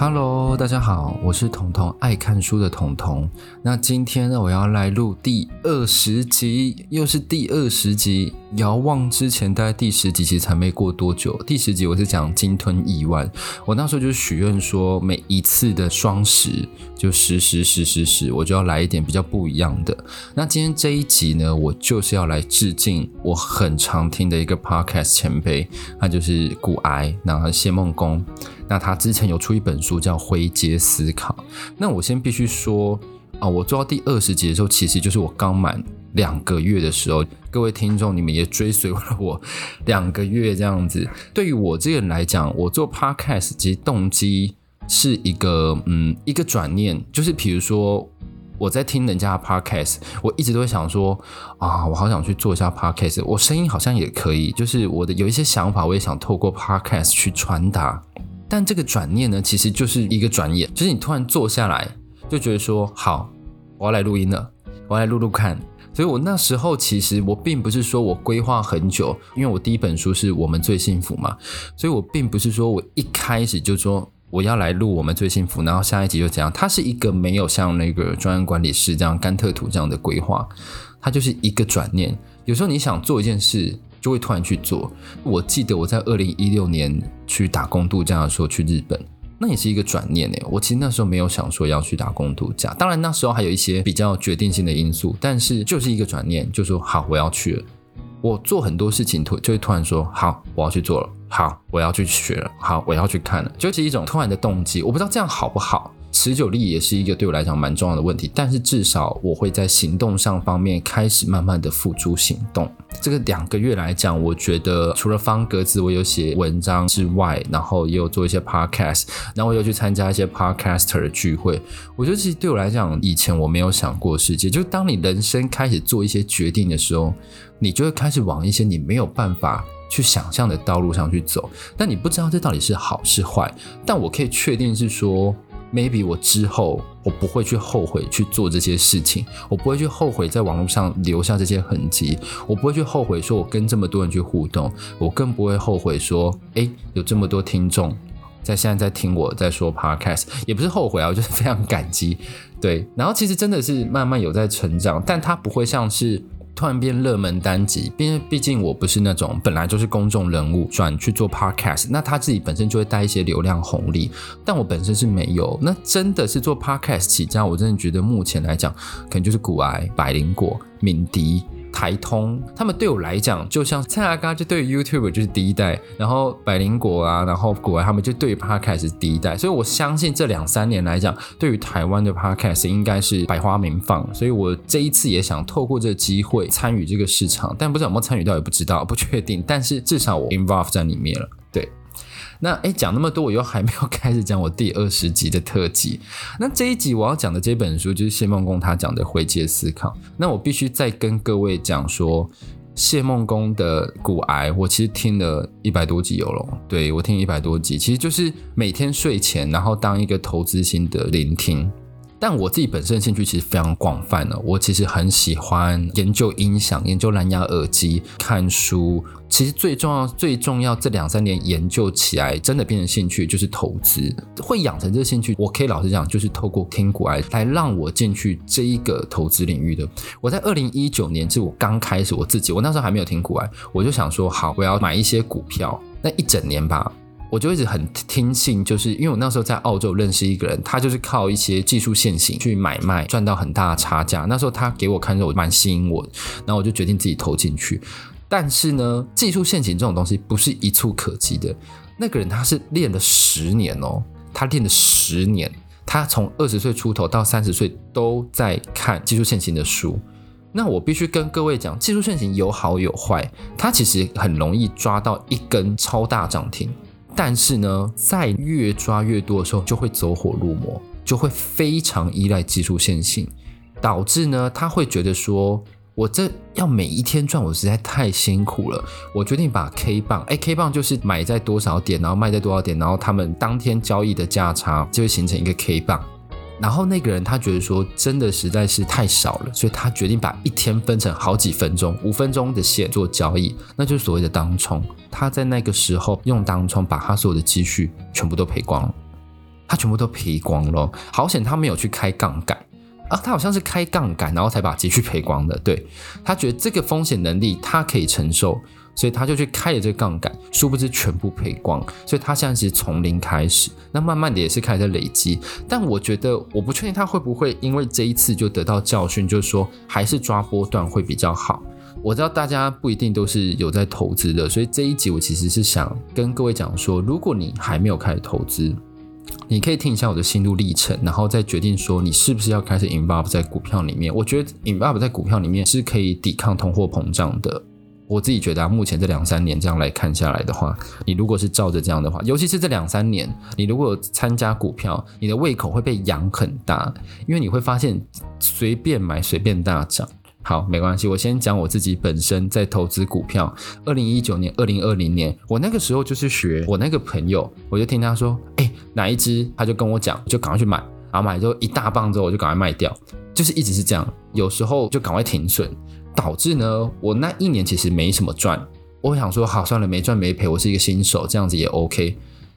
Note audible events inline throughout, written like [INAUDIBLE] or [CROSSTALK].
哈嘍大家好，我是彤彤，愛看書的彤彤。那今天呢，我要來錄第二十集，又是第二十集。遙望之前，大概第十集其實才沒過多久。第十集我是講鯨吞億萬，我那時候就許願說，每一次的雙十就十,十十十十十，我就要來一點比較不一樣的。那今天這一集呢，我就是要來致敬我很常聽的一個 podcast 前輩，他就是股癌，然後是謝孟恭。那他之前有出一本書叫《灰階思考》。那我先必須說啊，我做到第二十集的時候，其實就是我剛滿兩個月的時候。各位聽眾，你們也追隨了我兩個月，這樣子。對於我這個人來講，我做 podcast 其實動機是一個嗯，一個轉念，就是比如說我在聽人家的 podcast，我一直都會想說啊，我好想去做一下 podcast，我聲音好像也可以，就是我的有一些想法，我也想透過 podcast 去傳達。但這個轉念呢，其實就是一個轉眼。就是你突然坐下來就覺得說，好，我要來錄音了，我要來錄錄看。所以我那時候其實我並不是說我規劃很久，因為我第一本書是我們最幸福嘛，所以我並不是說我一開始就說我要來錄我們最幸福，然後下一集就這樣。它是一個沒有像那個專案管理師這樣甘特圖這樣的規劃，它就是一個轉念。有時候你想做一件事。就會突然去做。我記得我在二零一六年去打工度假的時候去日本，那也是一個轉念呢。我其實那時候沒有想說要去打工度假，當然那時候還有一些比較決定性的因素，但是就是一個轉念，就是說，好，我要去了。我做很多事情突就會突然說，好，我要去做了，好，我要去學了，好，我要去看了，就是一種突然的動機。我不知道這樣好不好。持久力也是一個對我來講蠻重要的問題，但是至少我會在行動上方面開始慢慢的付諸行動。這個兩個月來講，我覺得除了方格子，我有寫文章之外，然後也有做一些 podcast，然後我又去參加一些 podcaster 的聚會。我覺得其實對我來講，以前我沒有想過世界，就當你人生開始做一些決定的時候，你就會開始往一些你沒有辦法去想象的道路上去走。但你不知道這到底是好是壞，但我可以確定是說。Maybe 我之後我不會去後悔去做這些事情，我不會去後悔在網絡上留下這些痕跡，我不會去後悔說我跟這麼多人去互動，我更不會後悔說，哎、欸，有這麼多聽眾在現在在聽我在說 Podcast，也不是後悔啊，我就是非常感激，對。然後其實真的是慢慢有在成長，但它不會像是。突然變熱門單集，因為畢竟我不是那種本來就是公眾人物轉去做 podcast，那他自己本身就會帶一些流量紅利，但我本身是沒有。那真的是做 podcast 起家，我真的覺得目前來講，可能就是股癌、百靈果、敏迪。台通他們對我來講，就像蔡阿嘎，就對於 YouTube 就是第一代，然後百靈果啊，然後國外他們就對 Podcast 是第一代，所以我相信這兩三年來講，對於台灣的 Podcast 應該是百花齊放，所以我這一次也想透過這個機會參與這個市場，但不知道有沒有參與到也不知道，不確定，但是至少我 involve 在裡面了，對。那誒講那麼多，我又還沒有開始講我第二十集的特輯。那這一集我要講的這本書就是謝孟恭他講的《灰階思考》。那我必須再跟各位講說，謝孟恭的股癌，我其實聽了一百多集有咯？對，我聽一百多集，其實就是每天睡前，然後當一個投資型的聆聽。但我自己本身的興趣其實非常廣泛的，我其實很喜歡研究音響、研究藍牙耳機、看書。其實最重要、最重要這兩三年研究起來，真的變成興趣，就是投資會養成這個興趣。我可以老實講，就是透過聽股癌來讓我進去這一個投資領域的。我在二零一九年是我剛開始我自己，我那時候還沒有聽股癌，我就想說好，我要買一些股票。那一整年吧，我就一直很聽信，就是因為我那時候在澳洲認識一個人，他就是靠一些技術線型去買賣賺到很大的差價。那時候他給我看我，着我蠻吸引我的，然後我就決定自己投進去。但是呢，技術線型這種東西不是一蹴可幾的。那個人他是練了十年哦，他練了十年，他從二十歲出頭到三十歲都在看技術線型的書。那我必須跟各位講，技術線型有好有壞，他其實很容易抓到一根超大漲停，但是呢，在越抓越多的時候，就會走火入魔，就會非常依賴技術線型，導致呢，他會覺得說。我這要每一天賺，我實在太辛苦了。我決定把 K 棒，哎，K 棒就是買在多少點，然後賣在多少點，然後他們當天交易的價差就會形成一個 K 棒。然後那個人他覺得說，真的實在是太少了，所以他決定把一天分成好幾分鐘、五分鐘的線做交易，那就是所謂的當沖。他在那個時候用當沖把他所有的積蓄全部都賠光了，他全部都賠光了。好險他沒有去開槓桿。啊，他好像是開槓桿，然後才把積蓄賠光的。對。他覺得這個風險能力他可以承受，所以他就去開了這個槓桿，殊不知全部賠光。所以他現在其實從零開始，那慢慢的也是開始在累積。但我覺得我不確定他會不會因為這一次就得到教訓，就是說還是抓波段會比較好。我知道大家不一定都是有在投資的，所以這一集我其實是想跟各位講說，如果你還沒有開始投資，你可以聽一下我的心路歷程，然後再決定說你是不是要開始 involve 在股票裡面。我覺得 involve 在股票裡面是可以抵抗通貨膨脹的。我自己覺得啊，目前這兩三年這樣來看下來的話，你如果是照着這樣的話，尤其是這兩三年，你如果有參加股票，你的胃口會被養很大，因為你會發現隨便買隨便大漲。好，沒關係，我先講我自己本身在投資股票。二零一九年、二零二零年，我那個時候就是學我那個朋友，我就聽他說，欸哪一支，他就跟我講，就趕快去買，然後買之後一大棒之後，我就趕快賣掉，就是一直是這樣。有時候就趕快停損，導致呢，我那一年其實沒什麼賺。我會想說，好，算了，沒賺沒賠，我是一個新手，這樣子也 OK。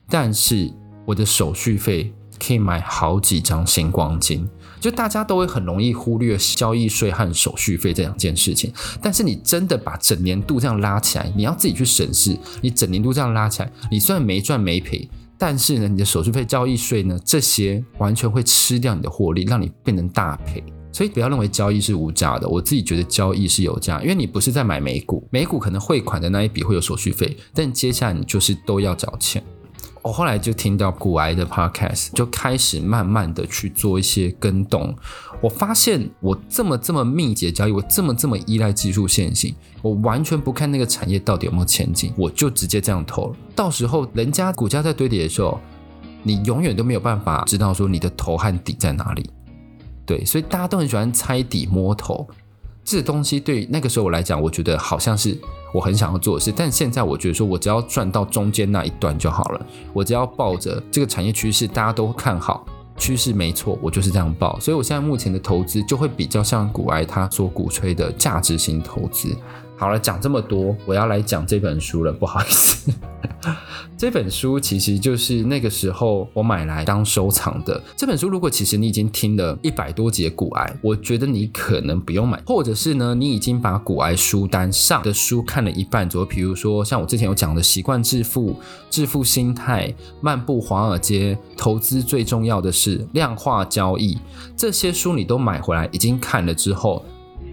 但是我的手續費可以買好幾張新光金，就大家都會很容易忽略交易稅和手續費這兩件事情。但是你真的把整年度這樣拉起來，你要自己去審視，你整年度這樣拉起來，你算沒賺沒賠。但是呢，你的手續費、交易稅呢，這些完全會吃掉你的獲利，讓你變成大賠。所以不要認為交易是無價的，我自己覺得交易是有價，因為你不是在買美股，美股可能匯款的那一筆會有手續費，但接下來你就是都要找錢。我後來就聽到股癌的 podcast，就開始慢慢的去做一些更動。我發現我這麼這麼密集的交易，我這麼這麼依賴技術線型，我完全不看那個產業到底有沒有前景，我就直接這樣投了。到時候人家股價在堆底的時候，你永遠都沒有辦法知道說你的頭和底在哪裡。對，所以大家都很喜歡猜底摸頭。這東西對那個時候我來講，我覺得好像是我很想要做的事。但現在我覺得，說我只要賺到中間那一段就好了。我只要抱着這個產業趨勢，大家都看好，趨勢沒錯，我就是這樣抱。所以我現在目前的投資就會比較像股癌他所鼓吹的價值型投資。好了，講這麼多，我要來講這本書了。不好意思， [LAUGHS] 這本書其實就是那個時候我買來當收藏的。這本書，如果其實你已經聽了一百多集的股癌，我覺得你可能不用買，或者是呢，你已經把股癌書單上的書看了一半左右，比如說像我之前有講的習慣致富、致富心態、漫步華爾街、投資最重要的是量化交易這些書，你都買回來已經看了之後。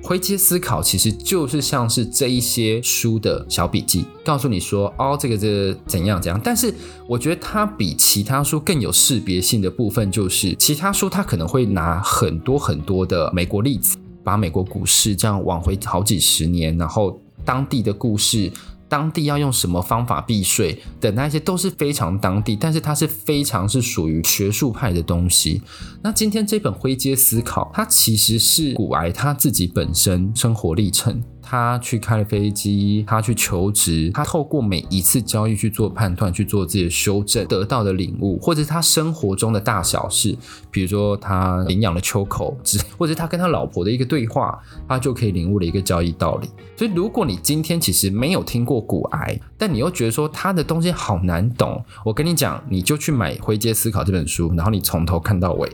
灰階思考其實就是像是這一些書的小筆記，告訴你說，哦，這個這個、怎樣怎樣。但是我覺得它比其他書更有識別性的部分，就是其他書它可能會拿很多很多的美國例子，把美國股市這樣往回好幾十年，然後當地的故事。當地要用什麼方法避稅的那些都是非常當地，但是它是非常是屬於學術派的東西。那今天這本《灰階思考》，它其實是股癌他自己本身生活歷程。他去開飛機，他去求職，他透過每一次交易去做判斷，去做自己的修正，得到的領悟，或者是他生活中的大小事，比如說他領養了秋口子，或者他跟他老婆的一個對話，他就可以領悟了一個交易道理。所以，如果你今天其實沒有聽過股癌，但你又覺得說他的東西好難懂，我跟你講，你就去買《灰階思考》這本書，然後你從頭看到尾，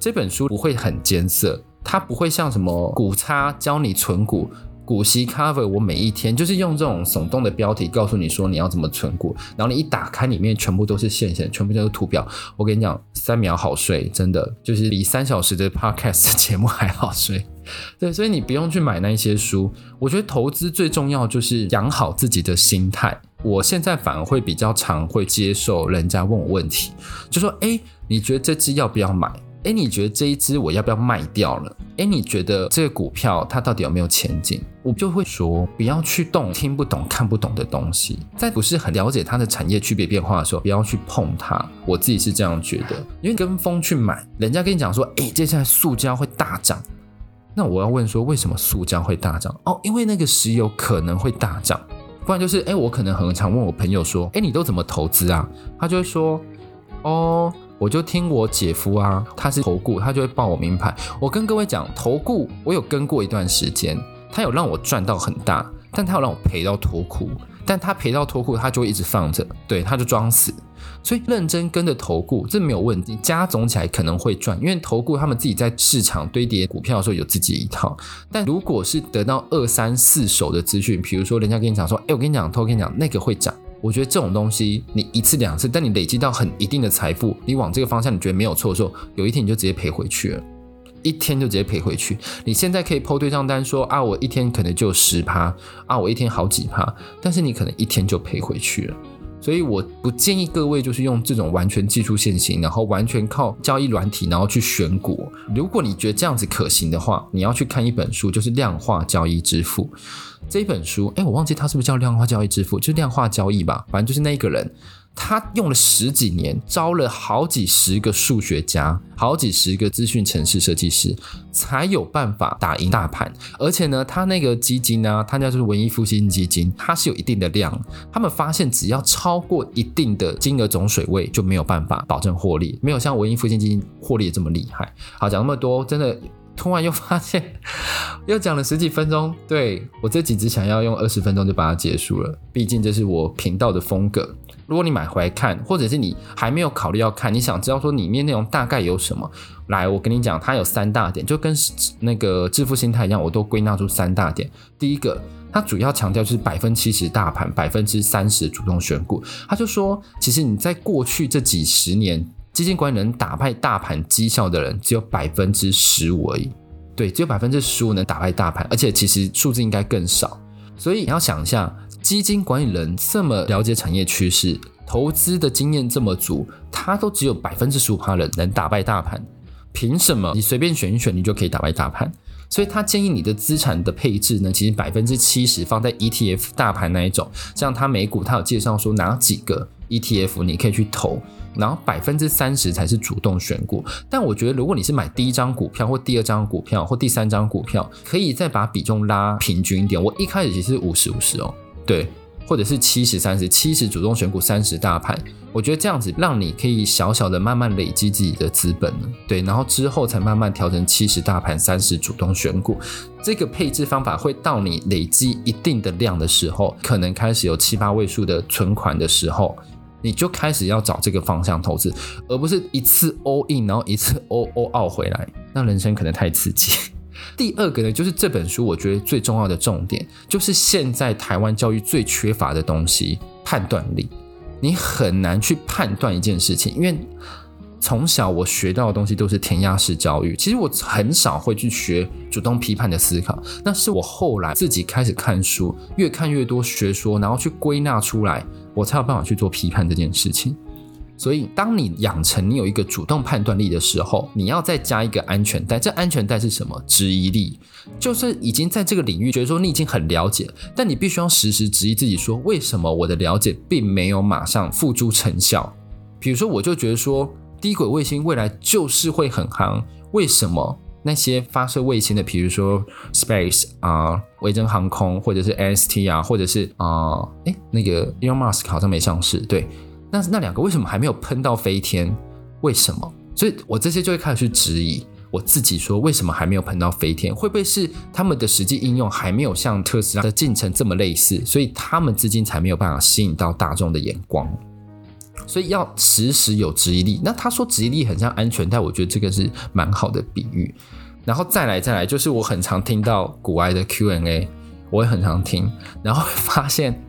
這本書不會很艱澀，它不會像什麼股差教你存股，股息 cover，我每一天就是用這種聳動的標題告訴你說你要怎麼存股，然後你一打開裡面全部都是線線，全部都是圖表。我跟你講，三秒好睡，真的就是比三小時的 podcast 節目還好睡。對，所以你不用去買那一些書。我覺得投資最重要就是養好自己的心態。我現在反而會比較常會接受人家問我問題，就說：“哎、欸，你覺得這支要不要買？”哎，你覺得這一支我要不要賣掉了？哎，你覺得這個股票它到底有沒有前景？我就會說，不要去動聽不懂、看不懂的東西，在不是很了解它的產業區別變化的時候，不要去碰它。我自己是這樣覺得，因為跟風去買，人家跟你講說，哎，接下來塑膠會大漲，那我要問說，為什麼塑膠會大漲？哦，因為那個石油可能會大漲，不然就是，哎，我可能很常問我朋友說，哎，你都怎麼投資啊？他就會說，哦。我就聽我姐夫啊，他是投顧，他就會報我名牌。我跟各位講，投顧我有跟過一段時間，他有讓我賺到很大，但他有讓我賠到脫褲。但他賠到脫褲，他就一直放着，對，他就裝死。所以認真跟着投顧，這沒有問題，加總起來可能會賺，因為投顧他們自己在市場堆疊股票的時候有自己一套。但如果是得到二三四手的資訊，比如說人家跟你講說，哎、欸，我跟你講，我跟你講，那個會漲。我覺得這種東西，你一次兩次，但你累積到很一定的財富，你往這個方向你覺得沒有錯的時候，有一天你就直接賠回去了，一天就直接賠回去。你現在可以 PO 對賬單說啊，我一天可能就十趴，啊，我一天好幾趴，但是你可能一天就賠回去了。所以我不建議各位就是用這種完全技術線型，然後完全靠交易軟體，然後去選股。如果你覺得這樣子可行的話，你要去看一本書，就是《量化交易之父》這本書。哎、欸，我忘記它是不是叫《量化交易之父》，就是、量化交易吧，反正就是那個人。他用了十幾年，招了好幾十個數學家，好幾十個資訊程式設計師，才有辦法打贏大盤。而且呢，他那個基金啊，他叫就是文藝復興基金，它是有一定的量。他們發現，只要超過一定的金額總水位，就沒有辦法保證獲利，沒有像文藝復興基金獲利這麼厲害。好，講那麼多，真的。突然又發現，又講了十幾分鐘。對，我這集只想要用二十分鐘就把它結束了，畢竟這是我頻道的風格。如果你買回來看，或者是你還沒有考慮要看，你想知道說裡面內容大概有什麼？來，我跟你講，它有三大點，就跟那個致富心態一樣，我都歸納出三大點。第一個，它主要強調就是百分之七十大盤，百分之三十主動選股。他就說，其實你在過去這幾十年。基金管理人打敗大盤績效的人只有百分之十五而已，對，只有百分之十五能打敗大盤，而且其實數字應該更少。所以你要想一下，基金管理人這麼了解產業趨勢，投資的經驗這麼足，他都只有百分之十五趴人能打敗大盤，憑什麼你隨便選一選，你就可以打敗大盤？所以他建議你的資產的配置呢，其實百分之七十放在 ETF 大盤那一種，像他美股他有介紹說哪幾個。ETF 你可以去投，然後百分之三十才是主動選股。但我覺得，如果你是買第一張股票或第二張股票或第三張股票，可以再把比重拉平均一點。我一開始其實是五十五十哦，對，或者是七十三十，七十主動選股，三十大盤。我覺得這樣子讓你可以小小的慢慢累積自己的資本，對，然後之後才慢慢調成七十大盤，三十主動選股。這個配置方法會到你累積一定的量的時候，可能開始有七八位數的存款的時候。你就開始要找這個方向投資，而不是一次 all in，然後一次 all out 回來，那人生可能太刺激。 [LAUGHS] 第二個呢，就是這本書我覺得最重要的重點，就是現在台灣教育最缺乏的東西——判斷力。你很難去判斷一件事情，因為從小我學到的東西都是填鴨式教育，其實我很少會去學主動批判的思考。那是我後來自己開始看書，越看越多學說，然後去歸納出來。我才有辦法去做批判這件事情，所以當你養成你有一個主動判斷力的時候，你要再加一個安全帶。這安全帶是什麼？質疑力。就是已經在這個領域覺得說你已經很了解，但你必須要時時質疑自己，說為什麼我的了解並沒有馬上付諸成效？比如說，我就覺得說低軌衛星未來就是會很行，為什麼？那些發射衛星的，比如說 Space 啊、維珍航空，或者是 N S T 啊，或者是啊，哎、欸，那個 Elon Musk 好像沒上市。對，那那兩個為什麼還沒有噴到飛天？為什麼？所以我這些就會開始去質疑我自己，說為什麼還沒有噴到飛天？會不會是他們的實際應用還沒有像特斯拉的進程這麼類似，所以他們至今才沒有辦法吸引到大眾的眼光？所以要時時有執行力。那他說執行力很像安全帶，但我覺得這個是蠻好的比喻。然後再來再來，就是我很常聽到古埃的 Q&A，我也很常聽，然後發現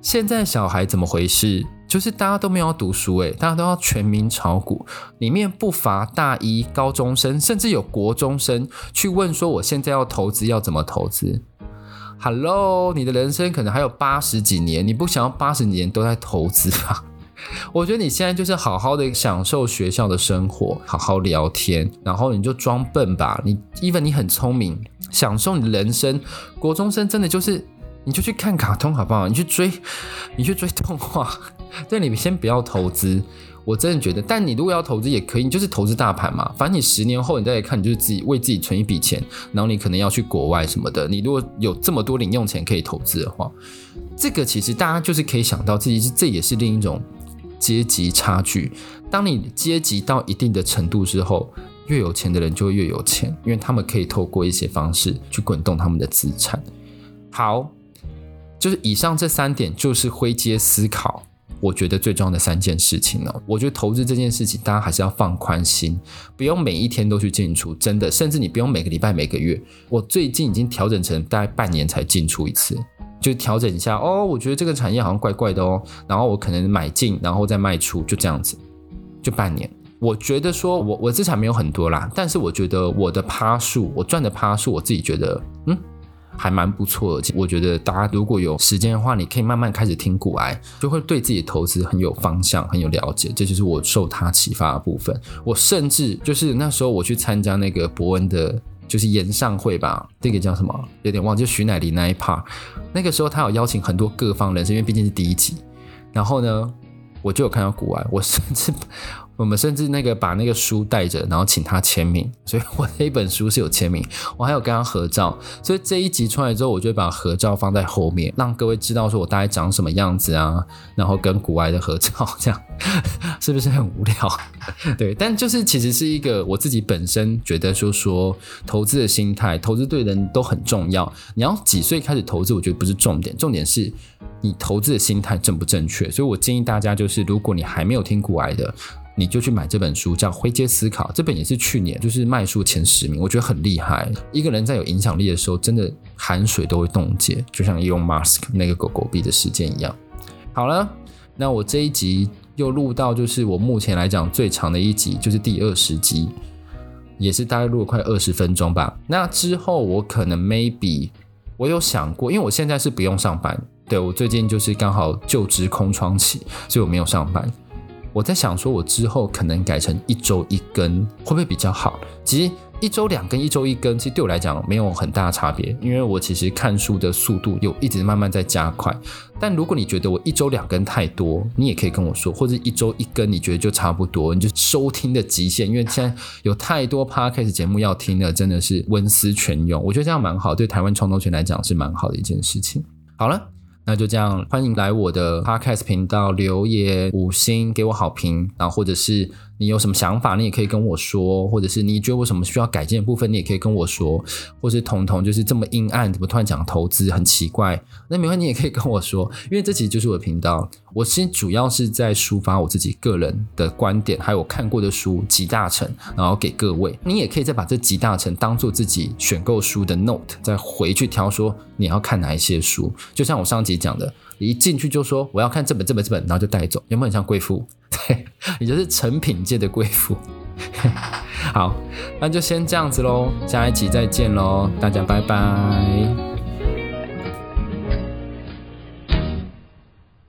現在小孩怎麼回事？就是大家都沒有讀書哎，大家都要全民炒股，裡面不乏大一高中生，甚至有國中生去問說：“我現在要投資要怎麼投資？”Hello，你的人生可能還有八十幾年，你不想要八十幾年都在投資啊？我覺得你現在就是好好的享受學校的生活，好好聊天，然後你就裝笨吧。你，以為你很聰明，享受你的人生。國中生真的就是，你就去看卡通，好不好？你去追，你去追動畫。但你先不要投資，我真的覺得。但你如果要投資也可以，你就是投資大盤嘛。反正你十年後你再來看，你就是自己為自己存一筆錢，然後你可能要去國外什麼的。你如果有這麼多零用錢可以投資的話，這個其實大家就是可以想到自己，這也是另一種。階級差距，當你階級到一定的程度之後，越有錢的人就會越有錢，因為他們可以透過一些方式去滾動他們的資產。好，就是以上這三點，就是灰階思考，我覺得最重要的三件事情了、哦。我覺得投資這件事情，大家還是要放寬心，不用每一天都去進出，真的，甚至你不用每個禮拜、每個月。我最近已經調整成大概半年才進出一次。就調整一下哦，我覺得這個產業好像怪怪的哦，然後我可能買進，然後再賣出，就這樣子，就半年。我覺得說我，我我資產沒有很多啦，但是我覺得我的趴數，我賺的趴數，我自己覺得嗯，還蠻不錯的。我覺得大家如果有時間的話，你可以慢慢開始聽股癌，就會對自己的投資很有方向，很有了解。這就是我受他啟發的部分。我甚至就是那時候我去參加那個博文的。就是演唱會吧，那、這個叫什麼，有點忘記，就徐乃麟那一 part。那個時候他有邀請很多各方人士，因為畢竟是第一集。然後呢，我就有看到股癌，我甚至。我們甚至那個把那個書帶着，然後請他簽名，所以我的一本書是有簽名，我還有跟他合照，所以這一集出來之後，我就會把合照放在後面，讓各位知道說我大概長什麼樣子啊，然後跟股癌的合照，這樣 [LAUGHS] 是不是很無聊？ [LAUGHS] 對，但就是其實是一個我自己本身覺得說說投資的心態，投資對人都很重要。你要幾歲開始投資，我覺得不是重點，重點是你投資的心態正不正確。所以我建議大家，就是如果你還沒有聽股癌的。你就去買這本書，叫《灰階思考》，這本也是去年就是賣書前十名，我覺得很厲害。一個人在有影響力的時候，真的汗水都會凍結，就像 Elon Musk 那個狗狗幣的時間一樣。好了，那我這一集又錄到，就是我目前來講最長的一集，就是第二十集，也是大概錄了快二十分鐘吧。那之後我可能 maybe 我有想過，因為我現在是不用上班，對，我最近就是剛好就職空窗期，所以我沒有上班。我在想說，我之後可能改成一周一更，會不會比較好？其實一周兩更、一周一更，其實對我來講沒有很大的差別，因為我其實看書的速度又一直慢慢在加快。但如果你覺得我一周兩更太多，你也可以跟我說，或者一周一更，你覺得就差不多，你就收聽的極限。因為現在有太多 Podcast 節目要聽了，真的是文思泉湧。我覺得這樣蠻好，對台灣創作圈來講是蠻好的一件事情。好了。那就這樣，歡迎來我的 Podcast 頻道留言五星給我好評，然後或者是。你有什麼想法，你也可以跟我說，或者是你覺得我什麼需要改進的部分，你也可以跟我說，或是統統就是這麼陰暗，怎麼突然講投資很奇怪，那沒關係，你也可以跟我說，因為這其實就是我的頻道，我先主要是在抒發我自己個人的觀點，還有我看過的書集大成，然後給各位，你也可以再把這集大成當做自己選購書的 note，再回去挑說你要看哪一些書，就像我上集講的。一進去就說我要看這本這本這本，然後就帶走，有沒有很像貴婦？對，你就是誠品界的貴婦。 [LAUGHS] 好，那就先這樣子嘍，下一期再見嘍，大家拜拜。